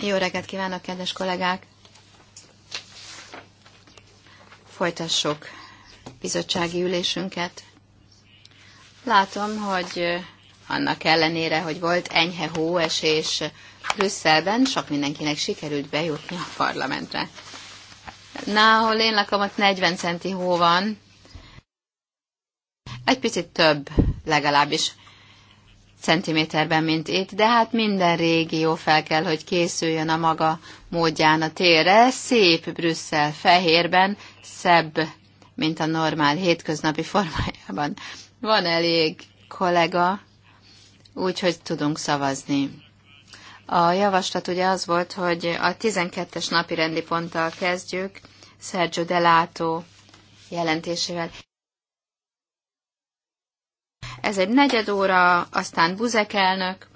Jó reggelt kívánok, kedves kollégák! Folytassuk bizottsági ülésünket. Látom, hogy annak ellenére, hogy volt enyhe hóesés Brüsszelben, sok mindenkinek sikerült bejutni a parlamentre. Na, ahol én lakom, ott 40 centi hó van. Egy picit több legalábbis centiméterben, mint itt, de hát minden régió fel kell, hogy készüljön a maga módján a térre. Szép Brüsszel fehérben, szebb, mint a normál hétköznapi formájában. Van elég kollega, úgyhogy tudunk szavazni. A javaslat ugye az volt, hogy a 12-es napi rendi ponttal kezdjük, Sergio Delato jelentésével. Ez egy negyed óra, aztán Buzek elnök,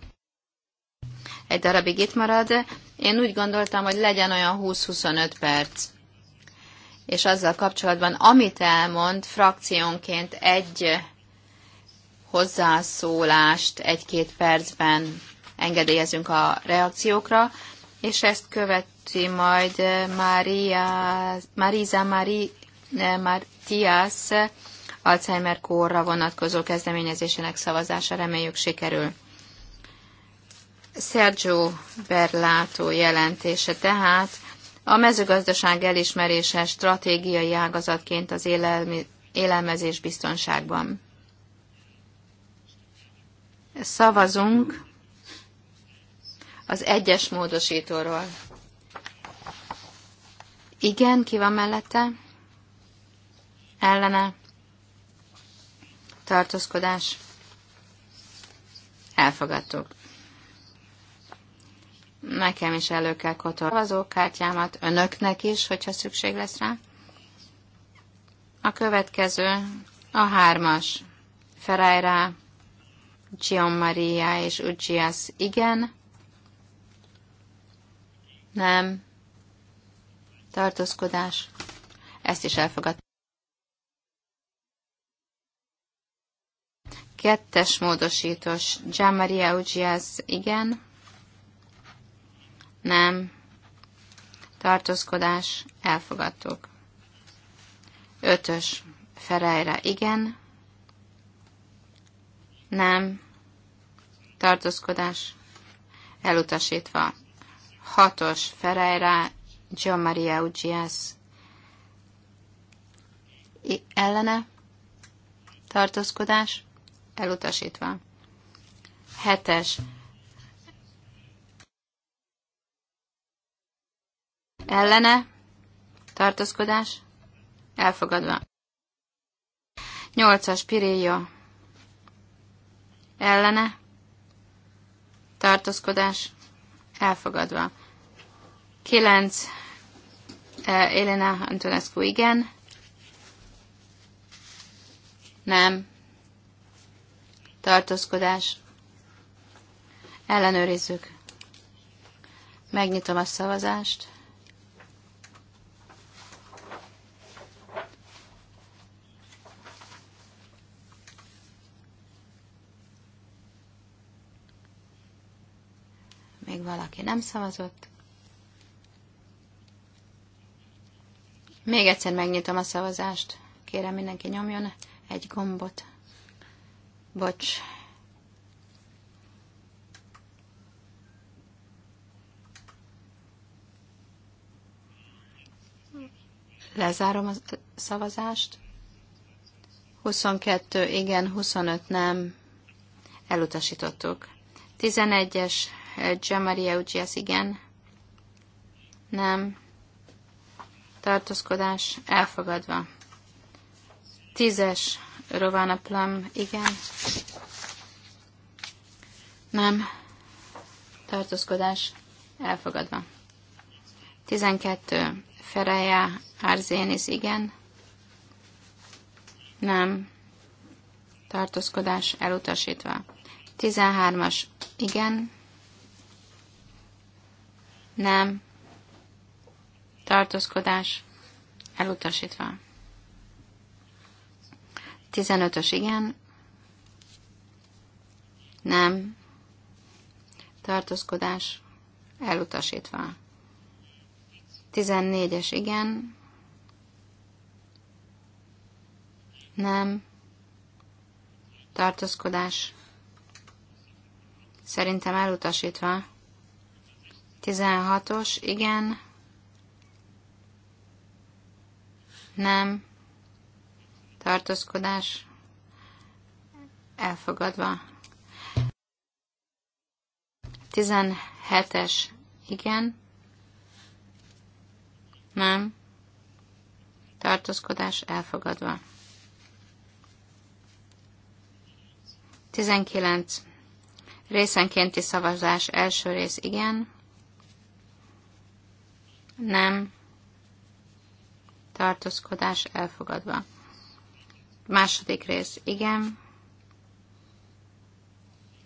egy darabig itt marad. Én úgy gondoltam, hogy legyen olyan 20-25 perc. És azzal kapcsolatban, amit elmond, frakciónként egy hozzászólást egy-két percben engedélyezünk a reakciókra, és ezt követi majd Maria, Marisa Mari, Martias Alzheimer kórra vonatkozó kezdeményezésének szavazása reméljük sikerül. Sergio Berlato jelentése tehát a mezőgazdaság elismerése stratégiai ágazatként az élelmi, élelmezés biztonságban. Szavazunk az egyes módosítóról. Igen, ki van mellette? Ellene? tartózkodás, elfogadtuk. Nekem is elő kell kotorvazókártyámat, önöknek is, hogyha szükség lesz rá. A következő, a hármas, Ferreira, Gion Maria és Ugyias, igen, nem, tartózkodás, ezt is elfogadtuk. Kettes módosítós. Maria Ugias, igen. Nem. Tartózkodás, elfogadtuk. Ötös. Ferejre, igen. Nem. Tartózkodás, elutasítva. Hatos. Ferejre, Ugias. I- Ellene. Tartózkodás, elutasítva. Hetes. Ellene, tartózkodás, elfogadva. Nyolcas, piréja. Ellene, tartózkodás, elfogadva. Kilenc, e, Elena Antonescu, igen. Nem tartózkodás, ellenőrizzük. Megnyitom a szavazást. Még valaki nem szavazott. Még egyszer megnyitom a szavazást. Kérem mindenki nyomjon egy gombot. Bocs. Lezárom a szavazást. 22 igen, 25 nem. Elutasítottuk. 11-es Gemaria Ugyas igen. Nem. Tartózkodás elfogadva. 10-es Rovana Plum, igen. Nem. Tartózkodás elfogadva. 12. Fereja Árzénis, igen. Nem. Tartózkodás elutasítva. 13-as, igen. Nem. Tartózkodás elutasítva. 15-ös igen. Nem. Tartózkodás elutasítva. 14-es igen. Nem. Tartózkodás. Szerintem elutasítva. 16-os, igen. Nem tartózkodás elfogadva. 17-es igen, nem, tartózkodás elfogadva. 19. Részenkénti szavazás első rész igen, nem, tartózkodás elfogadva. Második rész. Igen.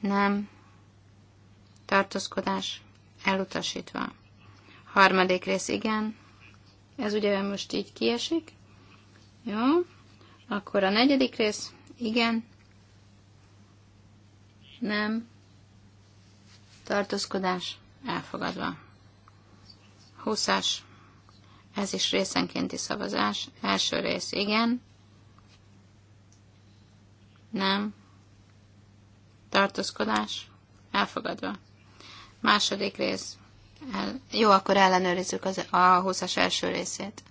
Nem. Tartózkodás. Elutasítva. Harmadik rész. Igen. Ez ugye most így kiesik. Jó. Akkor a negyedik rész. Igen. Nem. Tartózkodás. Elfogadva. Húszás. Ez is részenkénti szavazás. Első rész. Igen. Nem. Tartózkodás. Elfogadva. Második rész. El... Jó, akkor ellenőrizzük az, a 20 első részét.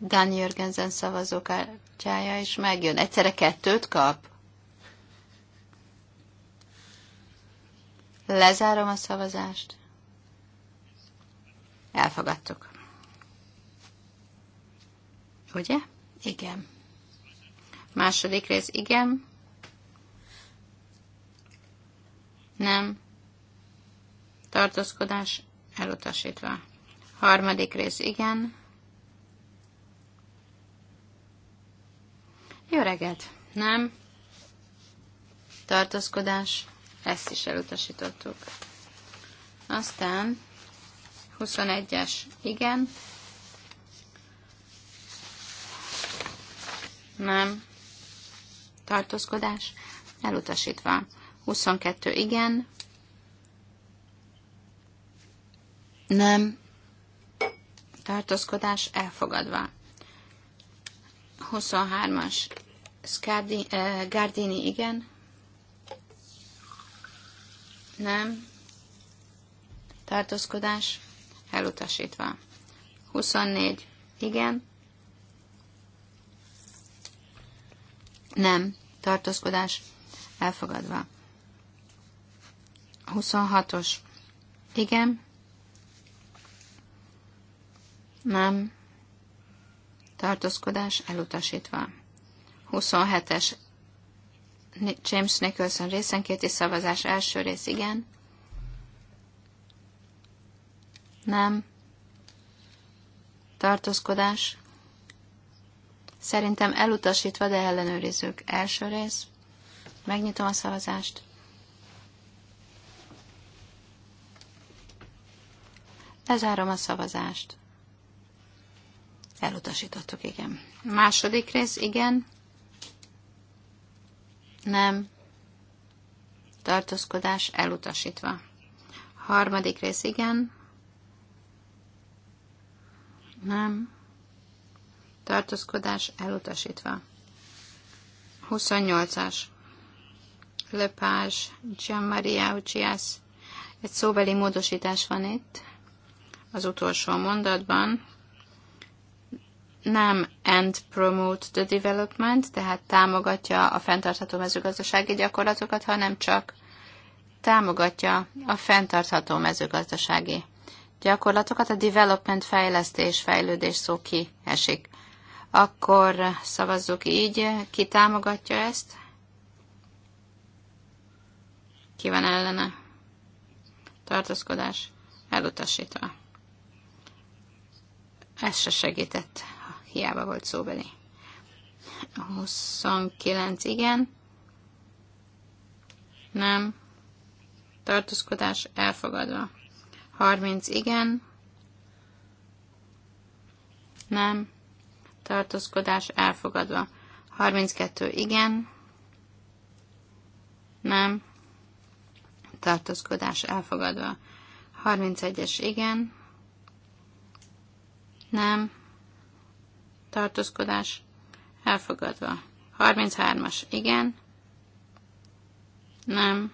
Dan Jörgensen szavazókártyája is megjön. Egyszerre kettőt kap? Lezárom a szavazást. Elfogadtuk. Ugye? Igen. Második rész, igen. Nem. Tartózkodás elutasítva. Harmadik rész, igen. Jó reggelt. Nem. Tartózkodás. Ezt is elutasítottuk. Aztán 21-es, igen. nem, tartózkodás, elutasítva. 22 igen, nem, tartózkodás, elfogadva. 23-as, eh, Gardini igen, nem, tartózkodás, elutasítva. 24 igen, Nem. Tartózkodás elfogadva. 26-os. Igen. Nem. Tartózkodás elutasítva. 27-es. James Nicholson részenkéti szavazás első rész igen. Nem. Tartózkodás Szerintem elutasítva, de ellenőrizzük. Első rész. Megnyitom a szavazást. Lezárom a szavazást. Elutasítottuk, igen. Második rész, igen. Nem. Tartózkodás elutasítva. Harmadik rész, igen. Nem tartózkodás elutasítva. 28-as Jean Maria Uccias egy szóbeli módosítás van itt az utolsó mondatban. Nem and promote the development, tehát támogatja a fenntartható mezőgazdasági gyakorlatokat, hanem csak támogatja a fenntartható mezőgazdasági gyakorlatokat. A development fejlesztés, fejlődés szó ki esik. Akkor szavazzuk így. Ki támogatja ezt? Ki van ellene? Tartózkodás elutasítva. Ez se segített, hiába volt szóbeli. 29 igen. Nem. Tartózkodás elfogadva. 30 igen. Nem tartózkodás elfogadva. 32 igen, nem, tartózkodás elfogadva. 31-es igen, nem, tartózkodás elfogadva. 33-as igen, nem,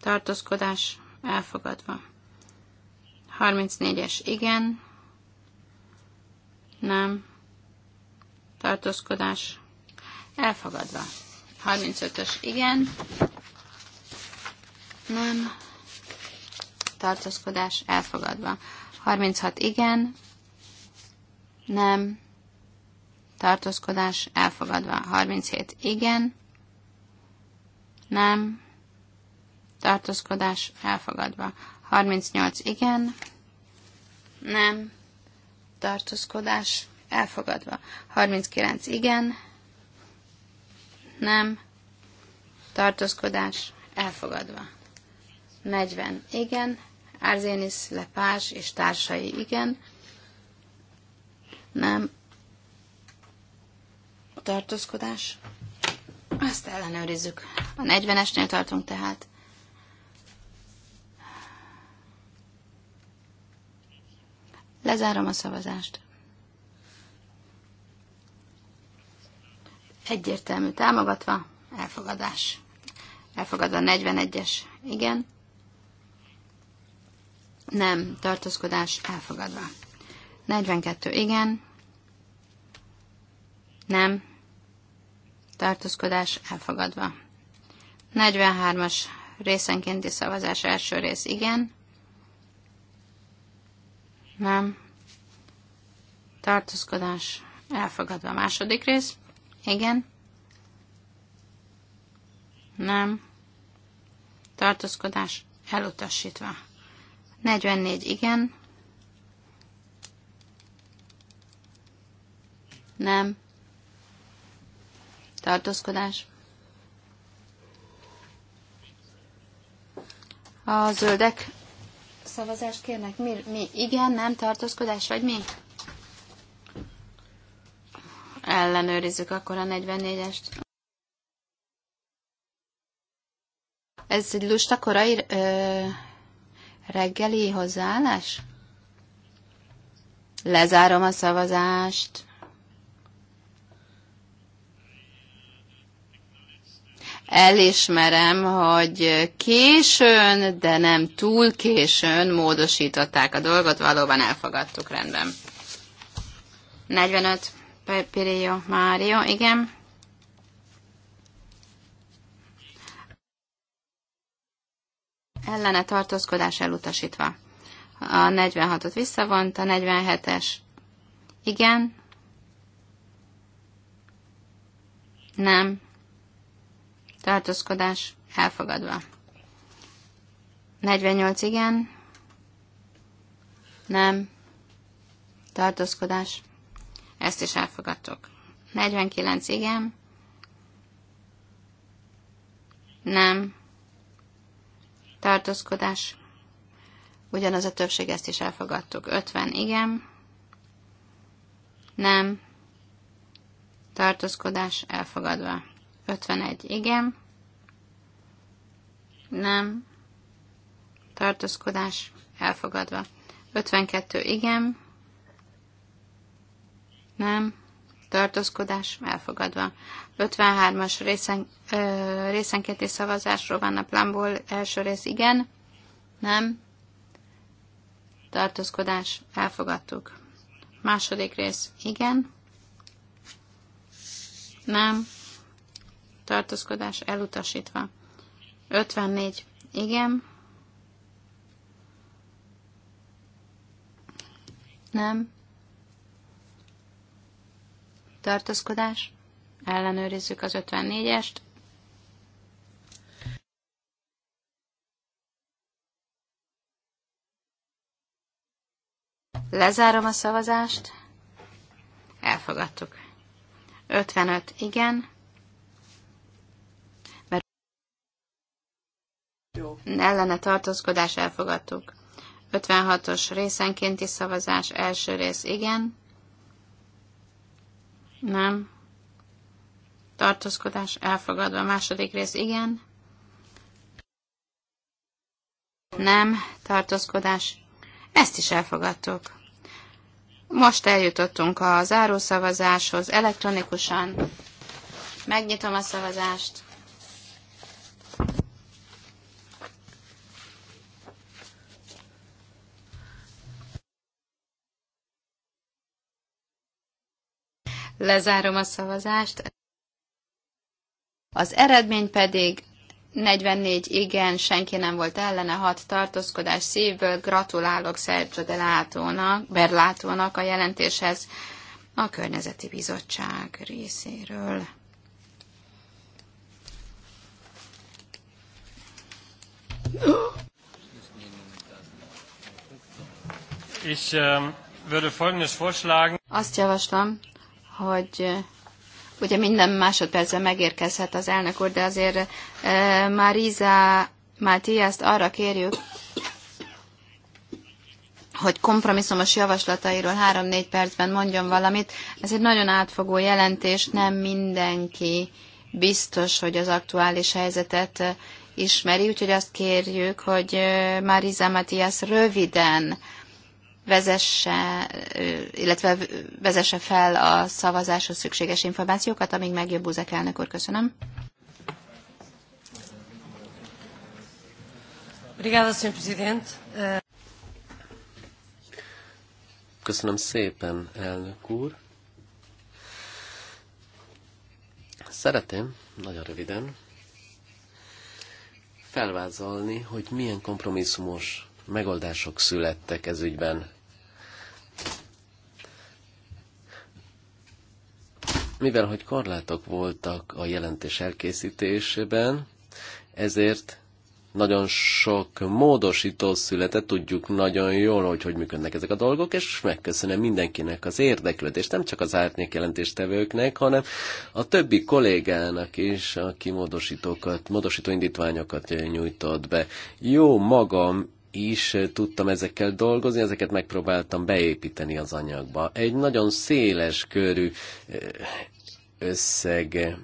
tartózkodás elfogadva. 34-es igen, Nem. Nem. Tartózkodás. Elfogadva. 35-ös. Igen. Nem. Tartózkodás. Elfogadva. 36. Igen. Nem. Tartózkodás. Elfogadva. 37. Igen. Nem. Tartózkodás. Elfogadva. 38. Igen. Nem tartózkodás elfogadva. 39 igen, nem, tartózkodás elfogadva. 40 igen, Arzénis, Lepás és társai igen, nem, tartózkodás. Azt ellenőrizzük. A 40-esnél tartunk tehát. Lezárom a szavazást. Egyértelmű támogatva, elfogadás. Elfogadva 41-es, igen. Nem, tartózkodás elfogadva. 42, igen. Nem, tartózkodás elfogadva. 43-as részenkénti szavazás első rész, igen. Nem. Tartózkodás. Elfogadva. Második rész. Igen. Nem. Tartózkodás. Elutasítva. 44. Igen. Nem. Tartózkodás. A zöldek szavazást kérnek? Mi, mi? Igen, nem, tartózkodás, vagy mi? Ellenőrizzük akkor a 44-est. Ez egy lusta korai ö, reggeli hozzáállás? Lezárom a szavazást. elismerem, hogy későn, de nem túl későn módosították a dolgot, valóban elfogadtuk, rendben. 45 Pirillo Mário, igen. Ellene tartózkodás elutasítva. A 46-ot visszavont, a 47-es igen. Nem tartózkodás elfogadva. 48 igen, nem, tartózkodás, ezt is elfogadtok. 49 igen, nem, tartózkodás, ugyanaz a többség, ezt is elfogadtuk. 50 igen, nem, tartózkodás elfogadva. 51. Igen. Nem. Tartózkodás. Elfogadva. 52. Igen. Nem. Tartózkodás. Elfogadva. 53-as részen, részenkéti szavazásról van a plánból. Első rész igen. Nem. Tartózkodás. Elfogadtuk. Második rész igen. Nem tartózkodás elutasítva. 54. Igen. Nem. Tartózkodás. Ellenőrizzük az 54-est. Lezárom a szavazást. Elfogadtuk. 55 igen, ellene tartózkodás elfogadtuk. 56-os részenkénti szavazás első rész igen. Nem. Tartózkodás elfogadva. Második rész igen. Nem. Tartózkodás. Ezt is elfogadtuk. Most eljutottunk a zárószavazáshoz elektronikusan. Megnyitom a szavazást. Lezárom a szavazást. Az eredmény pedig 44 igen, senki nem volt ellene, 6 tartózkodás szívből. Gratulálok Sergio de Látónak, Berlátónak a jelentéshez a Környezeti Bizottság részéről. Ich ähm, würde folgendes vorschlagen. Azt javaslom, hogy eh, ugye minden másodpercben megérkezhet az elnök úr, de azért eh, Mariza Mátiászt arra kérjük, hogy kompromisszumos javaslatairól három-négy percben mondjon valamit. Ez egy nagyon átfogó jelentés, nem mindenki biztos, hogy az aktuális helyzetet eh, ismeri, úgyhogy azt kérjük, hogy Mariza Matias röviden vezesse, illetve vezesse fel a szavazáshoz szükséges információkat, amíg megjobb Buzek elnök úr. Köszönöm. Eh, Köszönöm szépen, elnök úr. Szeretném, nagyon röviden, felvázolni, hogy milyen kompromisszumos megoldások születtek ez ügyben. Mivel, hogy korlátok voltak a jelentés elkészítésében, ezért nagyon sok módosító született, tudjuk nagyon jól, hogy hogy működnek ezek a dolgok, és megköszönöm mindenkinek az érdeklődést, nem csak az árnyék jelentéstevőknek, hanem a többi kollégának is, aki módosítókat, módosító indítványokat nyújtott be. Jó magam is eh, tudtam ezekkel dolgozni, ezeket megpróbáltam beépíteni az anyagba. Egy nagyon széles körű eh, összeg eh,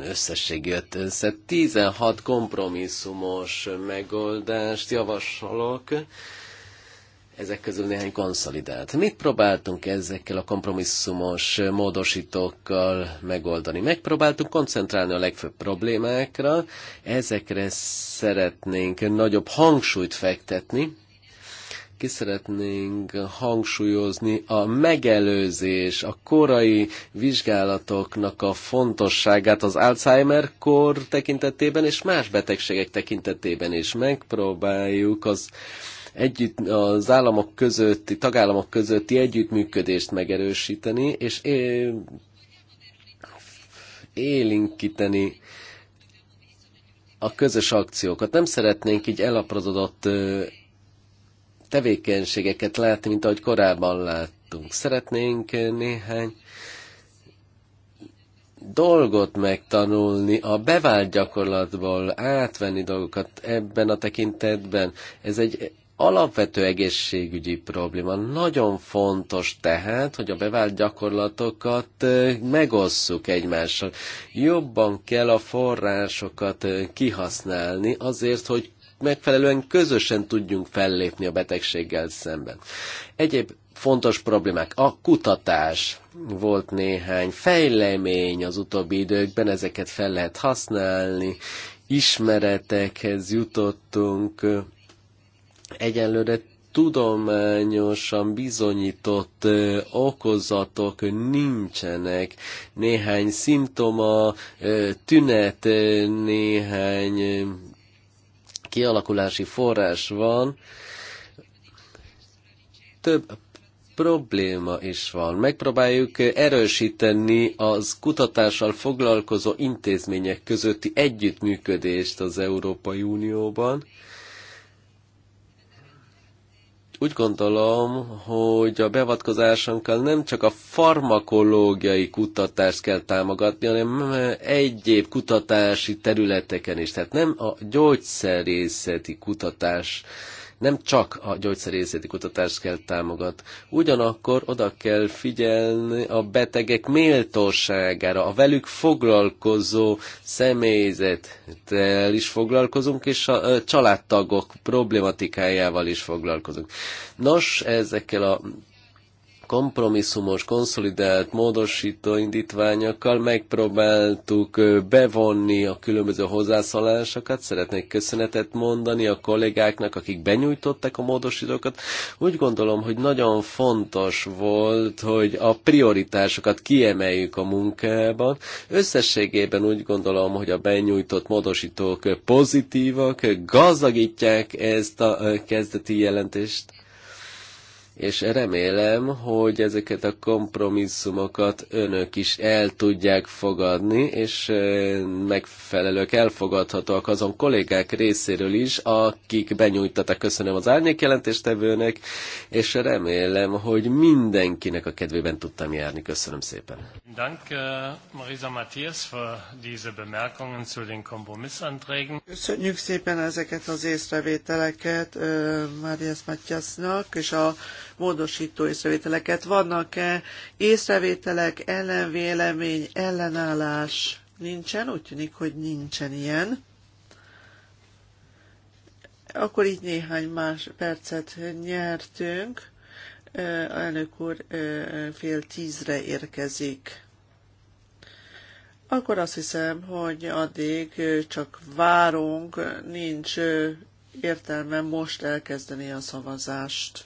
összesség jött össze. 16 kompromisszumos megoldást javasolok ezek közül néhány konszolidált. Mit próbáltunk ezekkel a kompromisszumos módosítókkal megoldani? Megpróbáltunk koncentrálni a legfőbb problémákra, ezekre szeretnénk nagyobb hangsúlyt fektetni, ki szeretnénk hangsúlyozni a megelőzés, a korai vizsgálatoknak a fontosságát az Alzheimer kor tekintetében és más betegségek tekintetében is. Megpróbáljuk az együtt, az államok közötti, tagállamok közötti együttműködést megerősíteni, és élinkíteni a közös akciókat. Nem szeretnénk így elaprazodott tevékenységeket látni, mint ahogy korábban láttunk. Szeretnénk néhány dolgot megtanulni, a bevált gyakorlatból átvenni dolgokat ebben a tekintetben. Ez egy alapvető egészségügyi probléma. Nagyon fontos tehát, hogy a bevált gyakorlatokat megosszuk egymással. Jobban kell a forrásokat kihasználni azért, hogy megfelelően közösen tudjunk fellépni a betegséggel szemben. Egyéb fontos problémák. A kutatás volt néhány fejlemény az utóbbi időkben, ezeket fel lehet használni, ismeretekhez jutottunk, egyelőre tudományosan bizonyított okozatok nincsenek. Néhány szimptoma, tünet, néhány kialakulási forrás van. Több probléma is van. Megpróbáljuk erősíteni az kutatással foglalkozó intézmények közötti együttműködést az Európai Unióban úgy gondolom, hogy a beavatkozásunkkal nem csak a farmakológiai kutatást kell támogatni, hanem egyéb kutatási területeken is. Tehát nem a gyógyszerészeti kutatás nem csak a gyógyszerészeti kutatást kell támogat. Ugyanakkor oda kell figyelni a betegek méltóságára, a velük foglalkozó személyzettel is foglalkozunk, és a családtagok problématikájával is foglalkozunk. Nos, ezekkel a kompromisszumos, konszolidált módosító indítványokkal megpróbáltuk bevonni a különböző hozzászólásokat. Szeretnék köszönetet mondani a kollégáknak, akik benyújtottak a módosítókat. Úgy gondolom, hogy nagyon fontos volt, hogy a prioritásokat kiemeljük a munkában. Összességében úgy gondolom, hogy a benyújtott módosítók pozitívak, gazdagítják ezt a kezdeti jelentést és remélem, hogy ezeket a kompromisszumokat önök is el tudják fogadni, és megfelelők, elfogadhatóak azon kollégák részéről is, akik benyújtottak. Köszönöm az árnyékjelentéstevőnek, és remélem, hogy mindenkinek a kedvében tudtam járni. Köszönöm szépen. Dank, Marisa Matthias, für diese Bemerkungen zu den Kompromissanträgen. Köszönjük szépen ezeket az észrevételeket Marias Matthiasnak, és a módosító észrevételeket. Vannak-e észrevételek, ellenvélemény, ellenállás? Nincsen, úgy tűnik, hogy nincsen ilyen. Akkor így néhány más percet nyertünk. Elnök úr fél tízre érkezik akkor azt hiszem, hogy addig csak várunk, nincs értelme most elkezdeni a szavazást.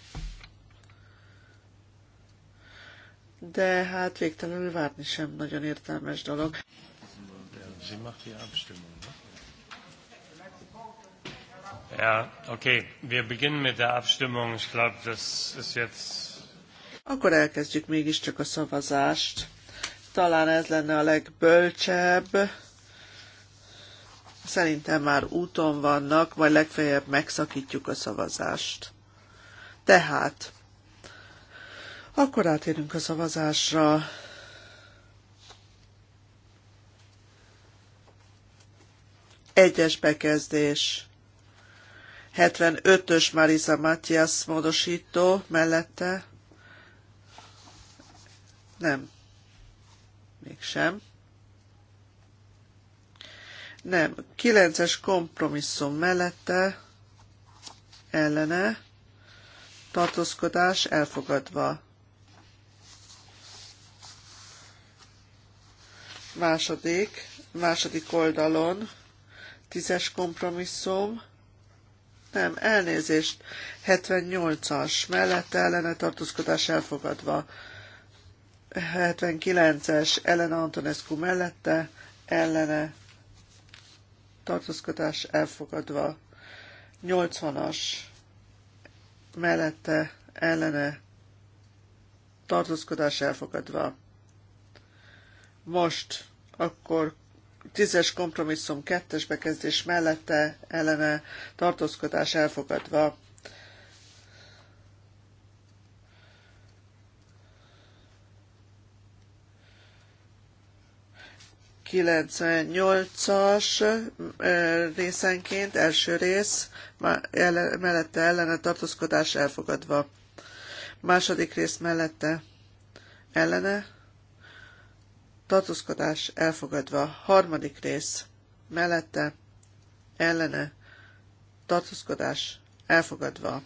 de hát végtelenül várni sem nagyon értelmes dolog. Ja, okay. Wir beginnen mit der Abstimmung. Ich glaube, das ist jetzt... Akkor elkezdjük mégiscsak a szavazást. Talán ez lenne a legbölcsebb. Szerintem már úton vannak, majd legfeljebb megszakítjuk a szavazást. Tehát akkor átérünk a szavazásra. Egyes bekezdés. 75-ös Marisa Matthias módosító mellette. Nem. Mégsem. Nem. 9-es kompromisszum mellette. Ellene. Tartózkodás elfogadva. Második, második oldalon, tízes kompromisszum, nem, elnézést, 78-as, mellette ellene tartózkodás elfogadva. 79-es, Elena Antonescu mellette, ellene tartózkodás elfogadva. 80-as, mellette, ellene tartózkodás elfogadva. Most akkor tízes kompromisszum kettes bekezdés mellette ellene tartózkodás elfogadva. Kilencvennyolcas részenként első rész mellette ellene tartózkodás elfogadva. Második rész mellette ellene tartózkodás elfogadva. Harmadik rész mellette, ellene, tartózkodás elfogadva.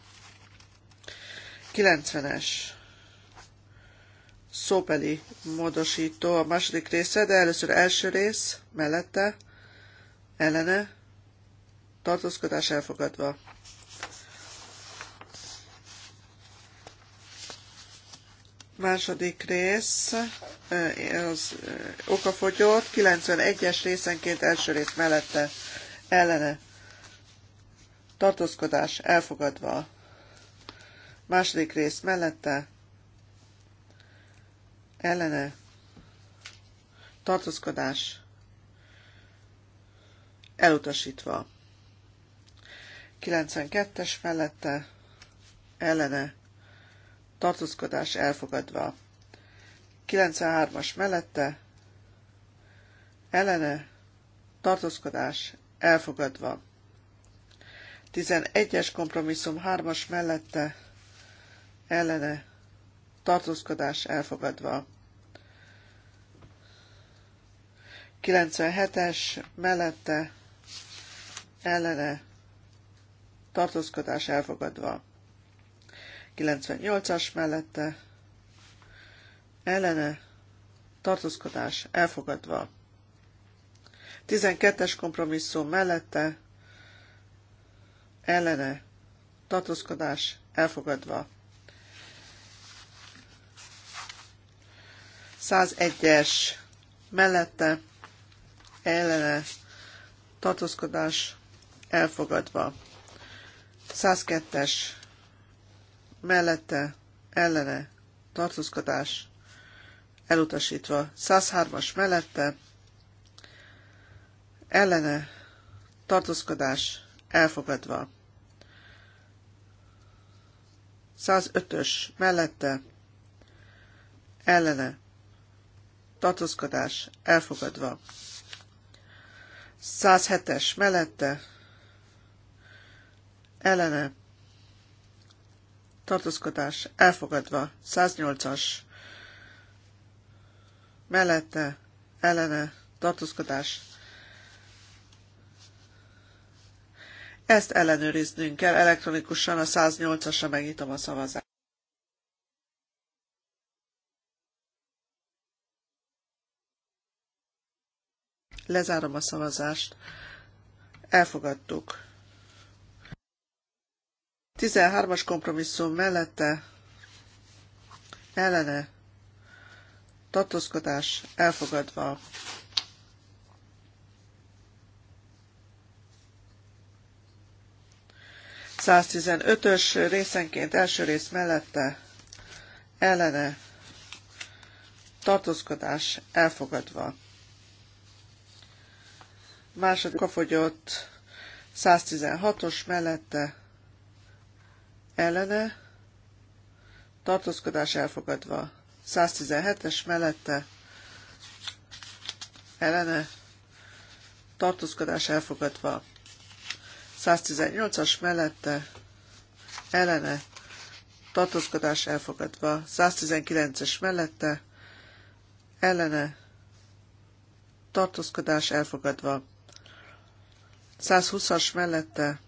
90-es szóbeli módosító a második része, de először első rész mellette, ellene, tartózkodás elfogadva. Második rész, eh, az eh, okafogyott, 91-es részenként első rész mellette ellene. Tartózkodás elfogadva. Második rész mellette ellene. Tartózkodás elutasítva. 92-es mellette ellene tartózkodás elfogadva. 93-as mellette, ellene, tartózkodás elfogadva. 11-es kompromisszum 3-as mellette, ellene, tartózkodás elfogadva. 97-es mellette, ellene, tartózkodás elfogadva. 98-as mellette ellene tartózkodás elfogadva. 12-es kompromisszum mellette ellene tartózkodás elfogadva. 101-es mellette ellene tartózkodás elfogadva. 102-es mellette, ellene, tartózkodás elutasítva. 103-as mellette, ellene, tartózkodás elfogadva. 105-ös mellette, ellene, tartózkodás elfogadva. 107-es mellette, ellene, tartózkodás elfogadva. 108-as mellette ellene tartózkodás. Ezt ellenőriznünk kell elektronikusan a 108-asra megnyitom a szavazást. Lezárom a szavazást. Elfogadtuk. 13-as kompromisszum mellette ellene tartózkodás elfogadva. ös részenként első rész mellette ellene tartózkodás elfogadva. Második a fogyott 116-os mellette ellene tartózkodás elfogadva. 117-es mellette ellene tartózkodás elfogadva. 118-as mellette ellene tartózkodás elfogadva. 119-es mellette ellene tartózkodás elfogadva. 120-as mellette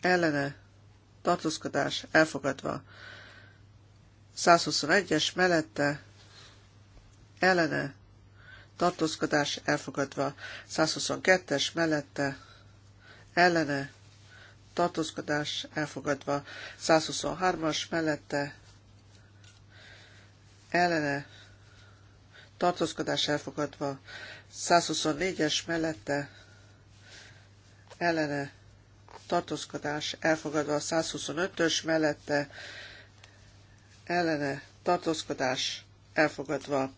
ellene tartózkodás elfogadva. 121-es mellette ellene tartózkodás elfogadva. 122-es mellette ellene tartózkodás elfogadva. 123-as mellette ellene tartózkodás elfogadva. 124-es mellette ellene tartózkodás elfogadva, a 125-ös mellette ellene tartózkodás elfogadva.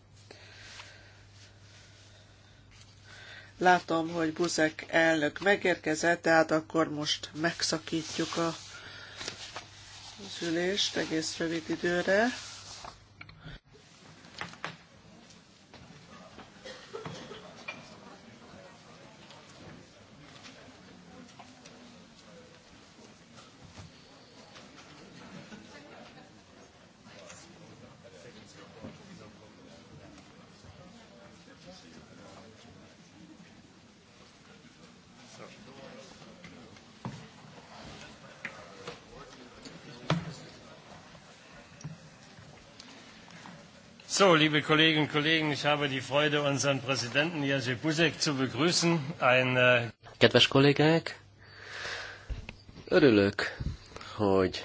Látom, hogy Buzek elnök megérkezett, tehát akkor most megszakítjuk a az ülést egész rövid időre. So, liebe Kolleginnen und Kollegen, ich habe die Freude, unseren Präsidenten Jerzy Buzek zu begrüßen. Ein, äh, Kedves kollégák, örülök, hogy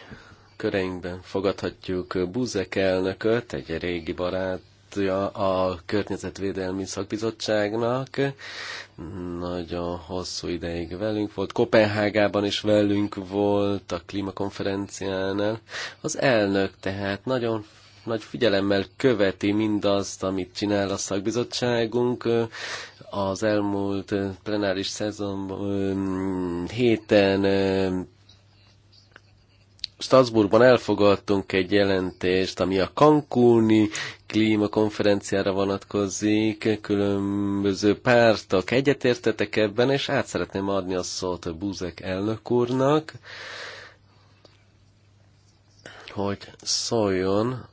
köreinkben fogadhatjuk Buzek elnököt, egy régi barátja a Környezetvédelmi Szakbizottságnak. Nagyon hosszú ideig velünk volt, Kopenhágában is velünk volt a klímakonferenciánál. Az elnök tehát nagyon nagy figyelemmel követi mindazt, amit csinál a szakbizottságunk. Az elmúlt plenáris szezonban héten Strasbourgban elfogadtunk egy jelentést, ami a Cancúni klímakonferenciára vonatkozik, különböző pártok egyetértetek ebben, és át szeretném adni a szót Búzek elnök úrnak, hogy szóljon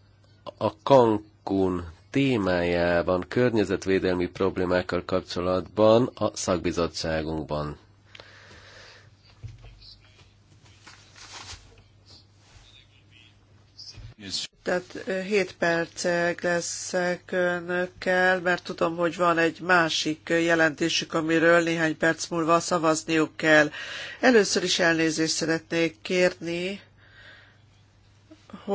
a Cancún témájában, környezetvédelmi problémákkal kapcsolatban a szakbizottságunkban. Tehát 7 percek leszek önökkel, mert tudom, hogy van egy másik jelentésük, amiről néhány perc múlva szavazniuk kell. Először is elnézést szeretnék kérni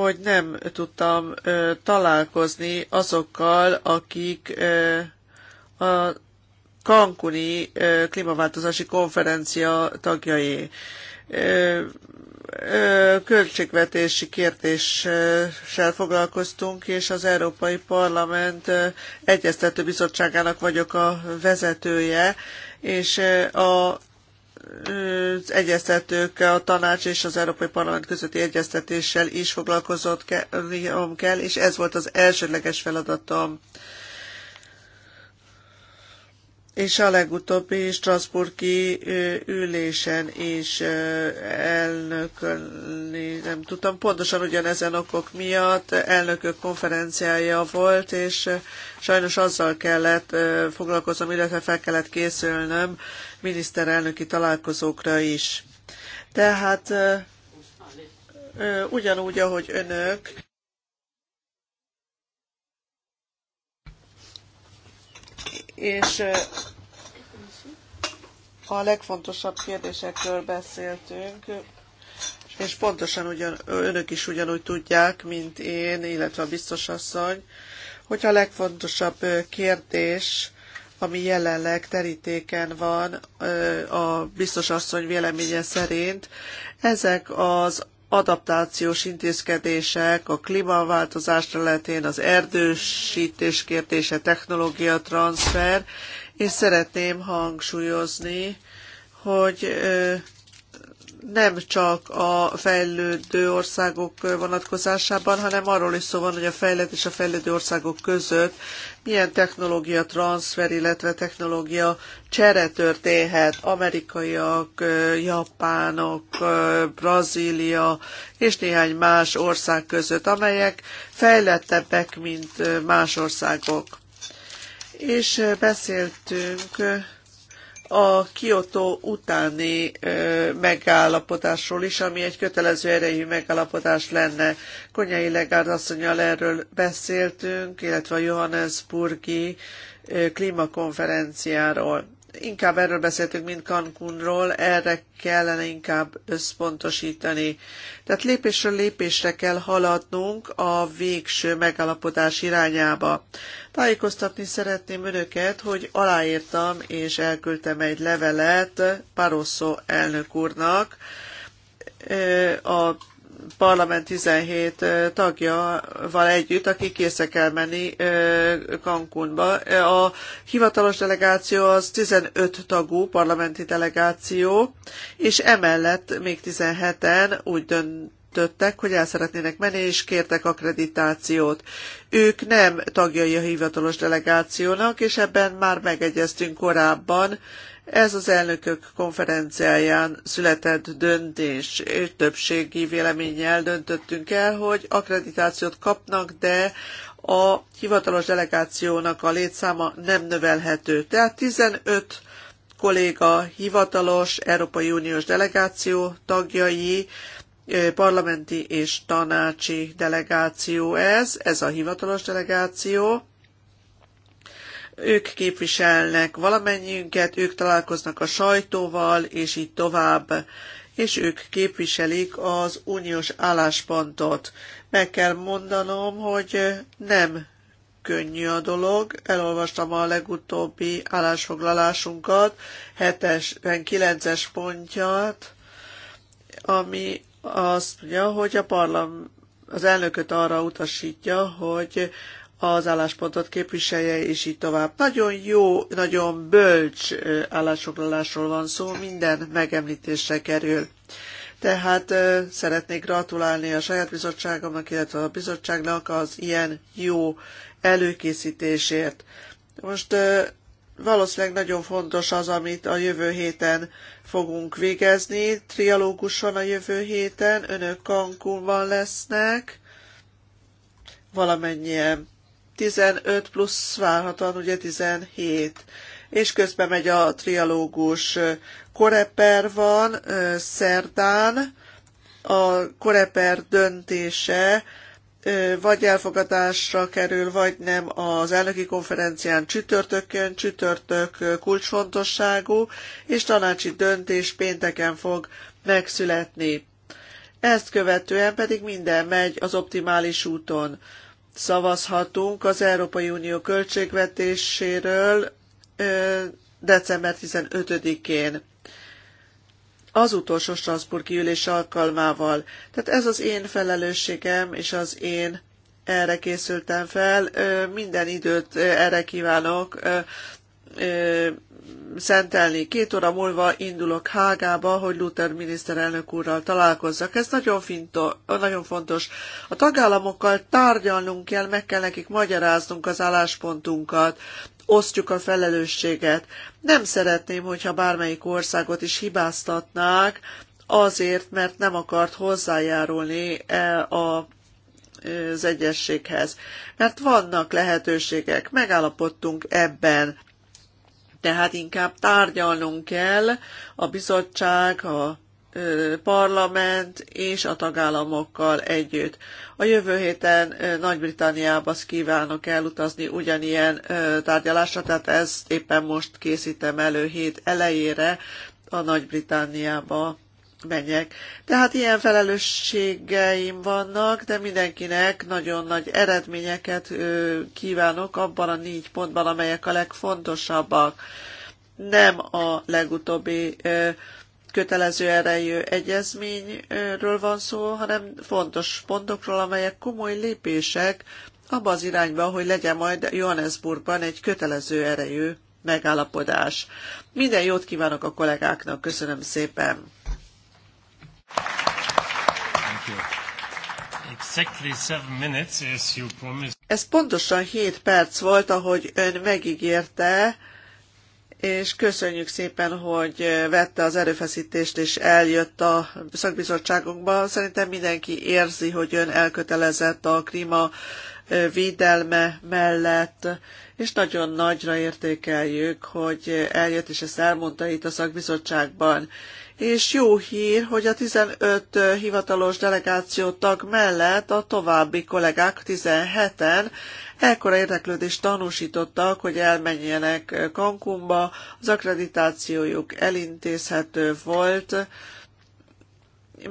hogy nem tudtam ö, találkozni azokkal, akik ö, a Cancuni ö, klímaváltozási konferencia tagjai. Ö, ö, költségvetési kérdéssel foglalkoztunk, és az Európai Parlament ö, Egyeztető Bizottságának vagyok a vezetője, és a az egyeztetők, a tanács és az Európai Parlament közötti egyeztetéssel is foglalkozott kell, és ez volt az elsődleges feladatom. És a legutóbbi Strasburgi ülésen is elnökölni nem tudtam. Pontosan ugyanezen okok miatt elnökök konferenciája volt, és sajnos azzal kellett foglalkoznom, illetve fel kellett készülnöm, miniszterelnöki találkozókra is. Tehát ugyanúgy, ahogy önök, és a legfontosabb kérdésekről beszéltünk, és pontosan ugyan, önök is ugyanúgy tudják, mint én, illetve a biztosasszony, hogy a legfontosabb kérdés ami jelenleg terítéken van a biztos asszony véleménye szerint, ezek az adaptációs intézkedések a klímaváltozás területén, az erdősítés kérdése, technológia transfer, és szeretném hangsúlyozni, hogy nem csak a fejlődő országok vonatkozásában, hanem arról is szó van, hogy a fejlett és a fejlődő országok között milyen technológia transfer, illetve technológia csere történhet amerikaiak, japánok, Brazília és néhány más ország között, amelyek fejlettebbek, mint más országok. És beszéltünk a Kyoto utáni megállapodásról is, ami egy kötelező erejű megállapodás lenne. Konyai Legárd asszonyal erről beszéltünk, illetve a Johannesburgi klímakonferenciáról inkább erről beszéltünk, mint Cancunról, erre kellene inkább összpontosítani. Tehát lépésről lépésre kell haladnunk a végső megalapodás irányába. Tájékoztatni szeretném önöket, hogy aláírtam és elküldtem egy levelet Parosso elnök úrnak, a parlament 17 tagjával együtt, akik készek menni Cancúnba. A hivatalos delegáció az 15 tagú parlamenti delegáció, és emellett még 17-en úgy dönt döntöttek, hogy el szeretnének menni, és kértek akkreditációt. Ők nem tagjai a hivatalos delegációnak, és ebben már megegyeztünk korábban, ez az elnökök konferenciáján született döntés, és többségi véleménnyel döntöttünk el, hogy akkreditációt kapnak, de a hivatalos delegációnak a létszáma nem növelhető. Tehát 15 kolléga hivatalos Európai Uniós delegáció tagjai, parlamenti és tanácsi delegáció ez, ez a hivatalos delegáció ők képviselnek valamennyiünket, ők találkoznak a sajtóval, és így tovább és ők képviselik az uniós álláspontot. Meg kell mondanom, hogy nem könnyű a dolog. Elolvastam a legutóbbi állásfoglalásunkat, 79-es pontját, ami azt mondja, hogy a parlament az elnököt arra utasítja, hogy az álláspontot képviselje, és így tovább. Nagyon jó, nagyon bölcs állásfoglalásról van szó, minden megemlítésre kerül. Tehát szeretnék gratulálni a saját bizottságomnak, illetve a bizottságnak az ilyen jó előkészítésért. Most valószínűleg nagyon fontos az, amit a jövő héten fogunk végezni. Trialóguson a jövő héten, önök Cancúnban lesznek, valamennyien 15 plusz várhatóan ugye 17 és közben megy a trialógus. Koreper van szerdán, a Koreper döntése vagy elfogadásra kerül, vagy nem az elnöki konferencián csütörtökön, csütörtök kulcsfontosságú, és tanácsi döntés pénteken fog megszületni. Ezt követően pedig minden megy az optimális úton szavazhatunk az Európai Unió költségvetéséről december 15-én az utolsó Strasburgi ülés alkalmával. Tehát ez az én felelősségem, és az én erre készültem fel. Minden időt erre kívánok szentelni. Két óra múlva indulok Hágába, hogy Luther miniszterelnök úrral találkozzak. Ez nagyon, finto, nagyon fontos. A tagállamokkal tárgyalnunk kell, meg kell nekik magyaráznunk az álláspontunkat, osztjuk a felelősséget. Nem szeretném, hogyha bármelyik országot is hibáztatnák, azért, mert nem akart hozzájárulni e a az egyességhez. Mert vannak lehetőségek, megállapodtunk ebben tehát inkább tárgyalnunk kell a bizottság, a parlament és a tagállamokkal együtt. A jövő héten Nagy-Britanniába kívánok elutazni ugyanilyen tárgyalásra, tehát ezt éppen most készítem elő hét elejére a Nagy-Britanniába menjek. Tehát ilyen felelősségeim vannak, de mindenkinek nagyon nagy eredményeket kívánok abban a négy pontban, amelyek a legfontosabbak. Nem a legutóbbi kötelező erejű egyezményről van szó, hanem fontos pontokról, amelyek komoly lépések abba az irányba, hogy legyen majd Johannesburgban egy kötelező erejű megállapodás. Minden jót kívánok a kollégáknak, köszönöm szépen! Ez pontosan 7 perc volt, ahogy ön megígérte, és köszönjük szépen, hogy vette az erőfeszítést és eljött a szakbizottságunkba. Szerintem mindenki érzi, hogy ön elkötelezett a klíma védelme mellett, és nagyon nagyra értékeljük, hogy eljött és ezt elmondta itt a szakbizottságban és jó hír, hogy a 15 hivatalos delegáció tag mellett a további kollégák 17-en ekkora érdeklődést tanúsítottak, hogy elmenjenek Cancúnba, az akkreditációjuk elintézhető volt,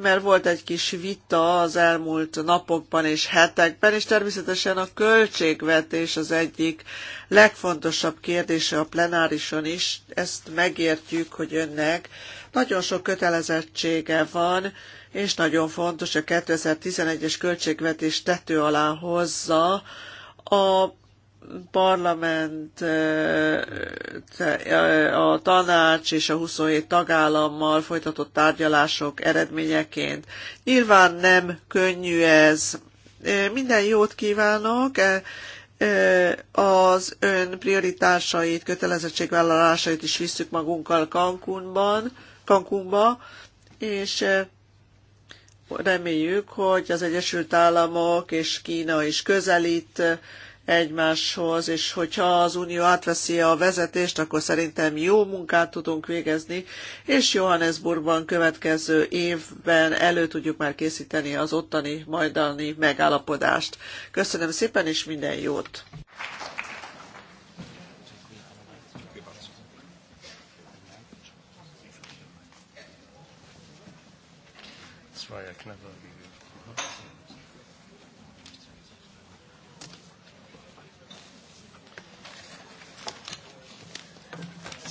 mert volt egy kis vita az elmúlt napokban és hetekben, és természetesen a költségvetés az egyik legfontosabb kérdése a plenárison is. Ezt megértjük, hogy önnek nagyon sok kötelezettsége van, és nagyon fontos, a 2011-es költségvetés tető alá hozza a parlament, a tanács és a 27 tagállammal folytatott tárgyalások eredményeként. Nyilván nem könnyű ez. Minden jót kívánok! Az ön prioritásait, kötelezettségvállalásait is visszük magunkkal Cancúnban Cancúnba, és eh, reméljük, hogy az Egyesült Államok és Kína is közelít eh, egymáshoz, és hogyha az Unió átveszi a vezetést, akkor szerintem jó munkát tudunk végezni, és Johannesburgban következő évben elő tudjuk már készíteni az ottani majdani megállapodást. Köszönöm szépen, és minden jót!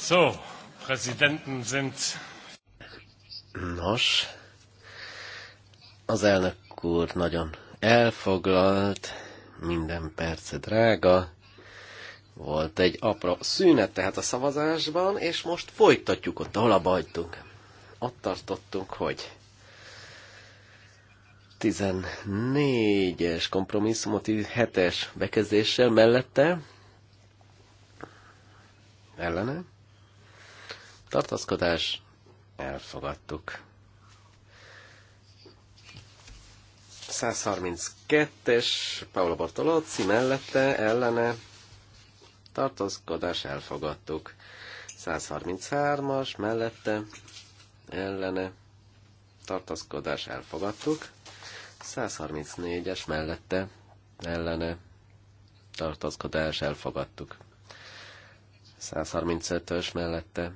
So, Präsidenten sind... Nos, az elnök úr nagyon elfoglalt, minden perce drága. Volt egy apró szünet tehát a szavazásban, és most folytatjuk ott, ahol a bajtunk. Ott tartottunk, hogy 14-es kompromisszumot 7-es bekezdéssel mellette ellene tartózkodás, elfogadtuk. 132-es Paolo Bartolozzi mellette, ellene, tartózkodás, elfogadtuk. 133-as mellette, ellene, tartózkodás, elfogadtuk. 134-es mellette, ellene, tartózkodás, elfogadtuk. 135-ös mellette,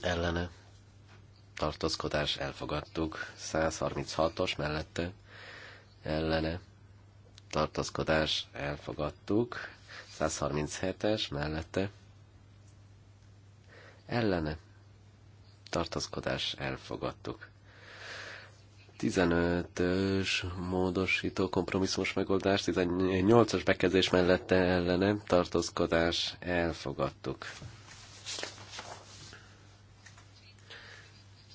ellene tartózkodás elfogadtuk. 136-os mellette ellene tartózkodás elfogadtuk. 137-es mellette ellene tartózkodás elfogadtuk. 15-ös módosító kompromisszumos megoldás, 18-as bekezdés mellette ellene tartózkodás elfogadtuk.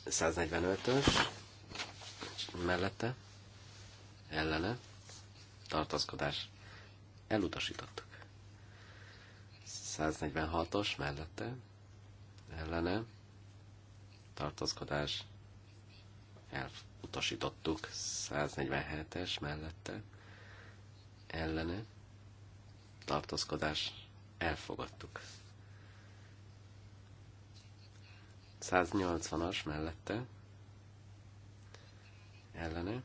145-ös mellette ellene tartozkodás elutasítottuk. 146-os mellette ellene tartozkodás elutasítottuk. 147-es mellette ellene tartozkodás elfogadtuk. 180-as mellette ellene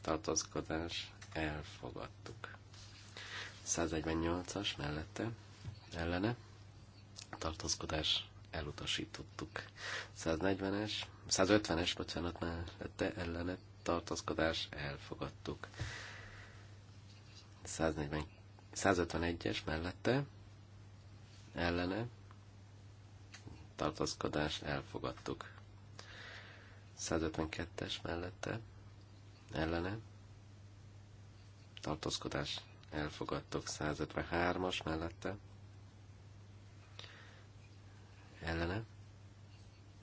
tartózkodás elfogadtuk. 148-as mellette ellene tartózkodás elutasítottuk. 140-es, 150-es, bocsánat, mellette ellene tartózkodás elfogadtuk. 140, 151-es mellette ellene tartózkodás elfogadtuk. 152-es mellette ellene tartózkodás elfogadtuk. 153-as mellette ellene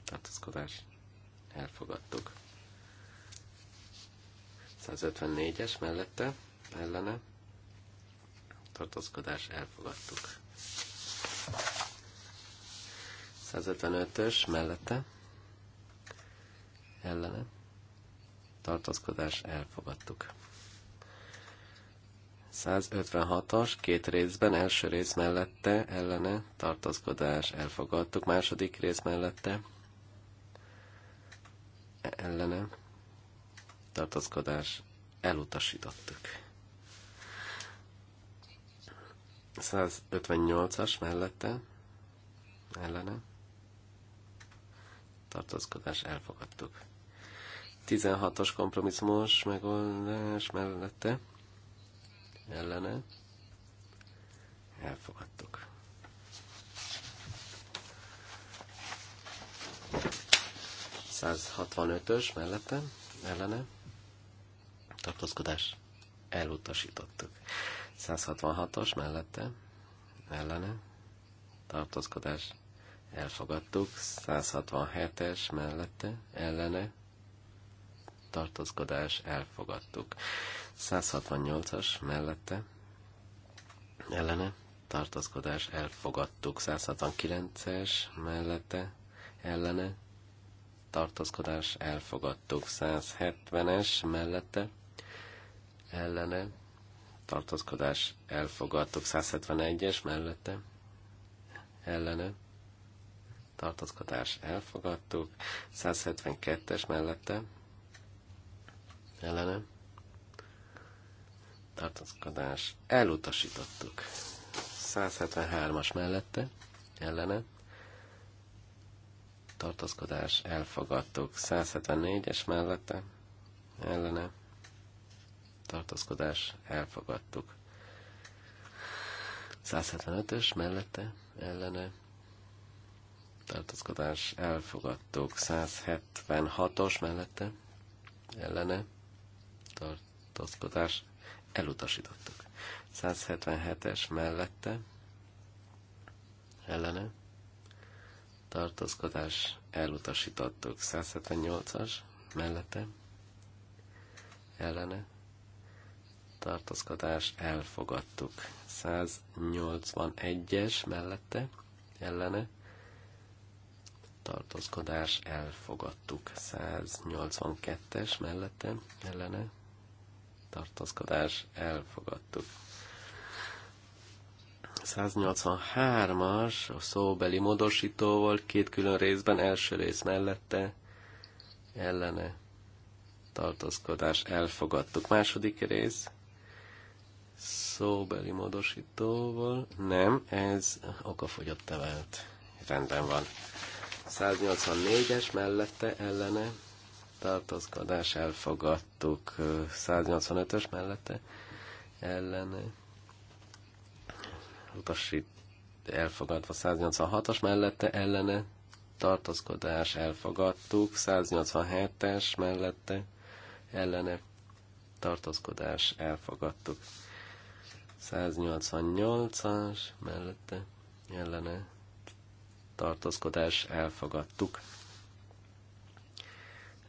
tartózkodás elfogadtuk. 154-es mellette ellene tartózkodás elfogadtuk. 155-ös mellette ellene tartózkodás elfogadtuk. 156-as, két részben, első rész mellette, ellene, tartózkodás, elfogadtuk, második rész mellette, ellene, tartózkodás, elutasítottuk. 158-as mellette, ellene, tartózkodás elfogadtuk. 16-os kompromisszumos megoldás mellette ellene elfogadtuk. ös mellette ellene tartózkodás elutasítottuk. 166-os mellette ellene tartózkodás elfogadtuk, 167-es mellette, ellene, tartózkodás, elfogadtuk. 168-as mellette, ellene, tartózkodás, elfogadtuk. 169-es mellette, ellene, tartózkodás, elfogadtuk. 170-es mellette, ellene, tartózkodás, elfogadtuk. 171-es mellette, ellene, tartózkodás elfogadtuk, 172-es mellette ellene tartózkodás elutasítottuk, 173-as mellette ellene tartózkodás elfogadtuk, 174-es mellette ellene tartózkodás elfogadtuk. 175-ös mellette ellene tartózkodás elfogadtuk. 176-os mellette ellene tartózkodás elutasítottuk. 177-es mellette ellene tartózkodás elutasítottuk. 178-as mellette ellene tartózkodás elfogadtuk. 181-es mellette ellene tartózkodás elfogadtuk. 182-es mellette ellene tartózkodás elfogadtuk. 183-as a szóbeli módosítóval két külön részben, első rész mellette ellene tartózkodás elfogadtuk. Második rész szóbeli módosítóval nem, ez okafogyottá vált. Rendben van. 184-es mellette ellene tartózkodás elfogadtuk. 185-ös mellette ellene utasít elfogadva 186-as mellette ellene tartózkodás elfogadtuk, 187-es mellette ellene tartózkodás elfogadtuk. 188-as mellette ellene tartózkodás elfogadtuk.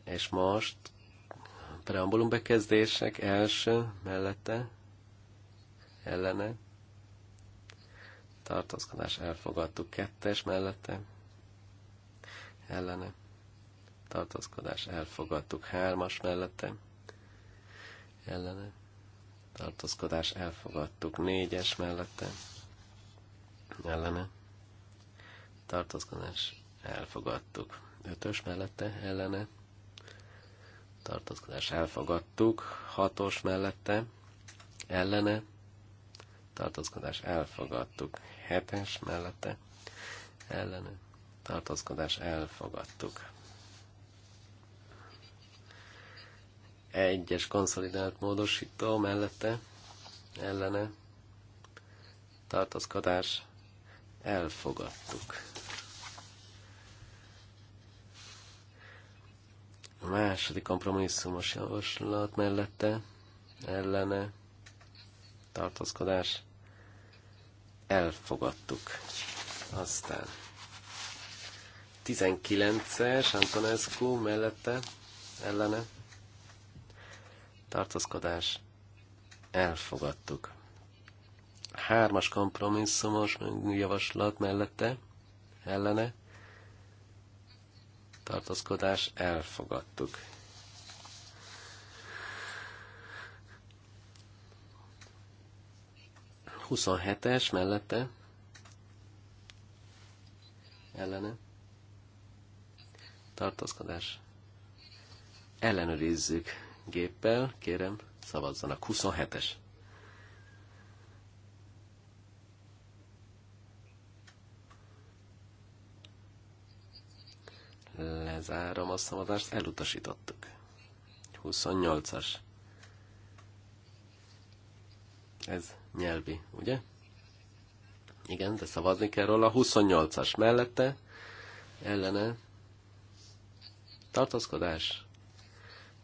És most preambulum bekezdések első mellette ellene tartózkodás elfogadtuk kettes mellette ellene tartózkodás elfogadtuk hármas mellette ellene tartózkodás elfogadtuk négyes mellette ellene tartózkodás elfogadtuk. Ötös mellette ellene tartózkodás elfogadtuk. Hatos mellette ellene tartózkodás elfogadtuk. Hetes mellette ellene tartózkodás elfogadtuk. Egyes konszolidált módosító mellette ellene tartózkodás elfogadtuk. A második kompromisszumos javaslat mellette ellene tartózkodás elfogadtuk. Aztán 19-es Antonescu mellette ellene tartózkodás elfogadtuk. Hármas kompromisszumos javaslat mellette ellene tartózkodás elfogadtuk. Huszonhetes mellette ellene tartózkodás ellenőrizzük géppel, kérem szavazzanak. 27-es. Lezárom a szavazást, elutasítottuk. 28-as. Ez nyelvi, ugye? Igen, de szavazni kell róla. 28-as mellette, ellene, tartózkodás,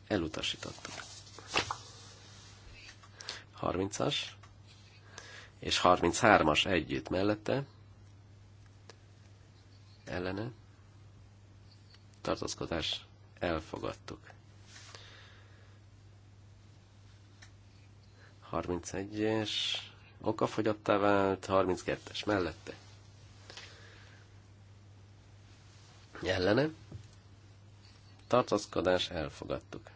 elutasítottuk. 30-as és 33-as együtt mellette, ellene, tartózkodás elfogadtuk. 31-es okafogyottá vált, 32-es mellette. Ellene tartózkodás elfogadtuk.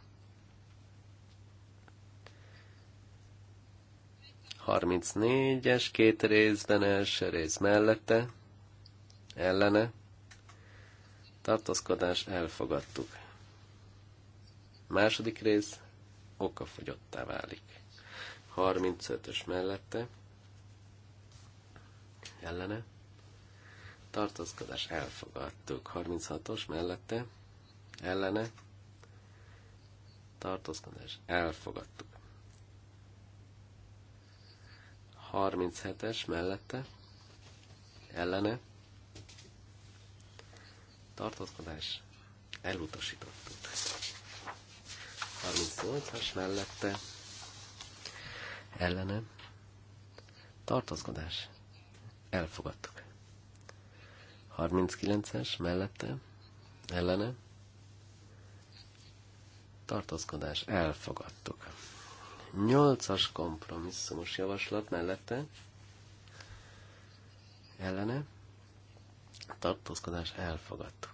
34-es, két részben, első rész mellette, ellene, tartózkodás, elfogadtuk. Második rész okafogyottá válik. 35-ös mellette ellene tartózkodás, elfogadtuk. 36-os mellette ellene tartózkodás, elfogadtuk. 37-es mellette ellene tartózkodás, elutasítottuk. 38-as mellette ellene tartózkodás, elfogadtuk. 39-es mellette ellene tartózkodás, elfogadtuk. 8-as kompromisszumos javaslat mellette ellene tartózkodás elfogadtuk.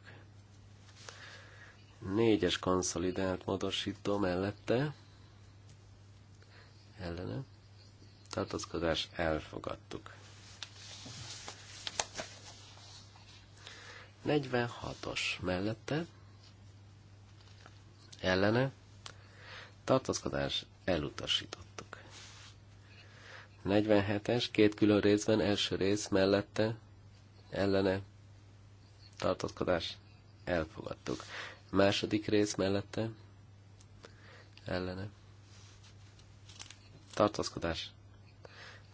Négyes konszolidált módosító mellette ellene tartózkodás elfogadtuk. 46-os mellette ellene tartózkodás elutasítottuk. 47-es két külön részben első rész mellette ellene tartózkodás, elfogadtuk. Második rész mellette, ellene, tartózkodás,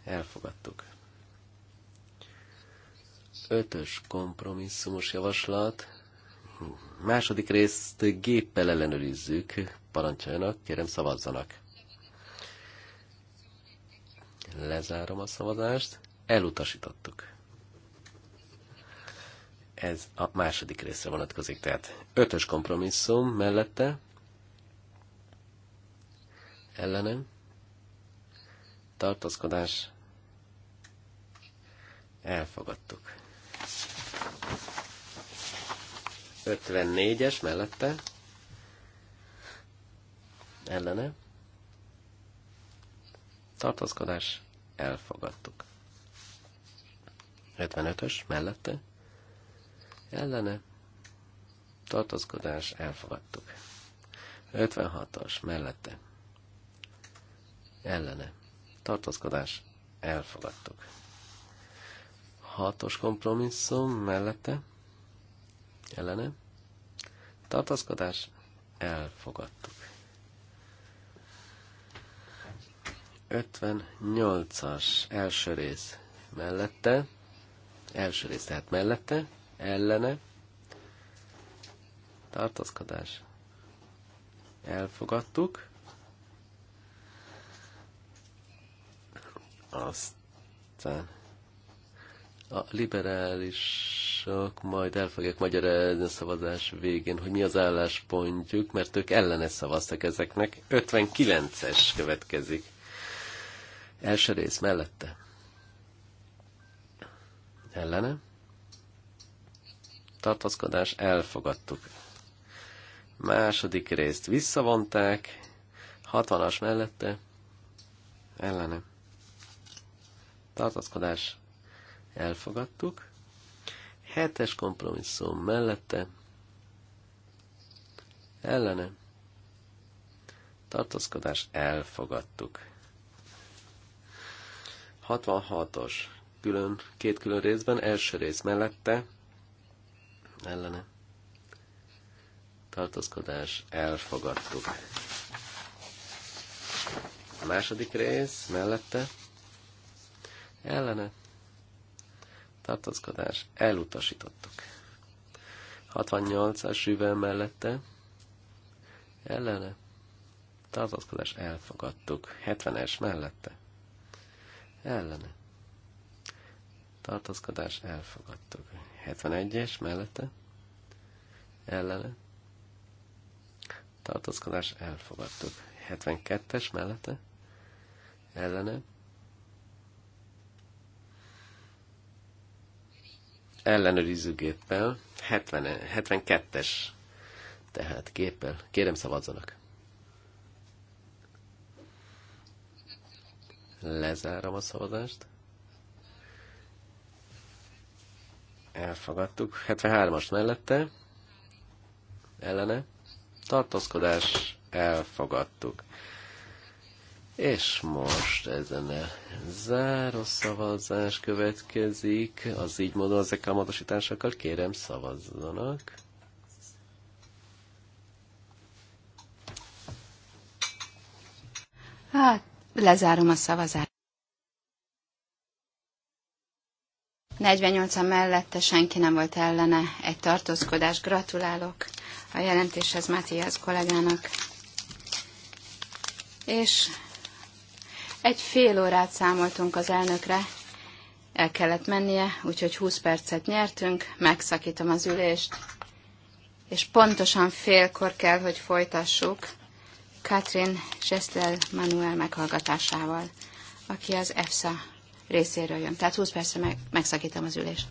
elfogadtuk. Ötös kompromisszumos javaslat. Második részt géppel ellenőrizzük. Parancsoljanak, kérem szavazzanak. Lezárom a szavazást. Elutasítottuk. Ez a második részre vonatkozik, tehát ötös kompromisszum mellette, ellenem, tartózkodás, elfogadtuk. 54-es mellette, ellene, tartózkodás, elfogadtuk. 55-ös mellette, ellene tartózkodás elfogadtuk. 56-as mellette ellene tartózkodás elfogadtuk. 6-os kompromisszum mellette ellene tartózkodás elfogadtuk. 58-as első rész mellette, első rész tehát mellette, ellene, tartózkodás. Elfogadtuk. Aztán a liberálisok majd el fogják magyarázni a szavazás végén, hogy mi az álláspontjuk, mert ők ellene szavaztak ezeknek. 59-es következik. Első rész mellette. Ellene tartózkodás, elfogadtuk. Második részt visszavonták, 60-as mellette, ellene. Tartózkodás, elfogadtuk. Hetes kompromisszum mellette, ellene. Tartózkodás, elfogadtuk. 66-os külön, két külön részben, első rész mellette, ellene tartózkodás elfogadtuk. A második rész mellette ellene tartózkodás elutasítottuk. 68-as üveg mellette ellene tartózkodás elfogadtuk. 70-es mellette ellene tartózkodás elfogadtuk. 71-es mellette ellene tartózkodás elfogadtuk. 72-es mellette ellene ellenőriző géppel 70, 72-es tehát géppel. Kérem szavazzanak. Lezárom a szavazást. elfogadtuk. 73-as mellette, ellene, tartózkodás, elfogadtuk. És most ezen a záró szavazás következik. Az így módon ezekkel a módosításokkal kérem szavazzanak. Hát, lezárom a szavazást. 48-an mellette senki nem volt ellene. Egy tartózkodás. Gratulálok a jelentéshez Matthias kollégának. És egy fél órát számoltunk az elnökre, el kellett mennie, úgyhogy 20 percet nyertünk, megszakítom az ülést, és pontosan félkor kell, hogy folytassuk Katrin Sestel Manuel meghallgatásával, aki az EFSA részéről jön. Tehát 20 percre meg, megszakítom az ülést.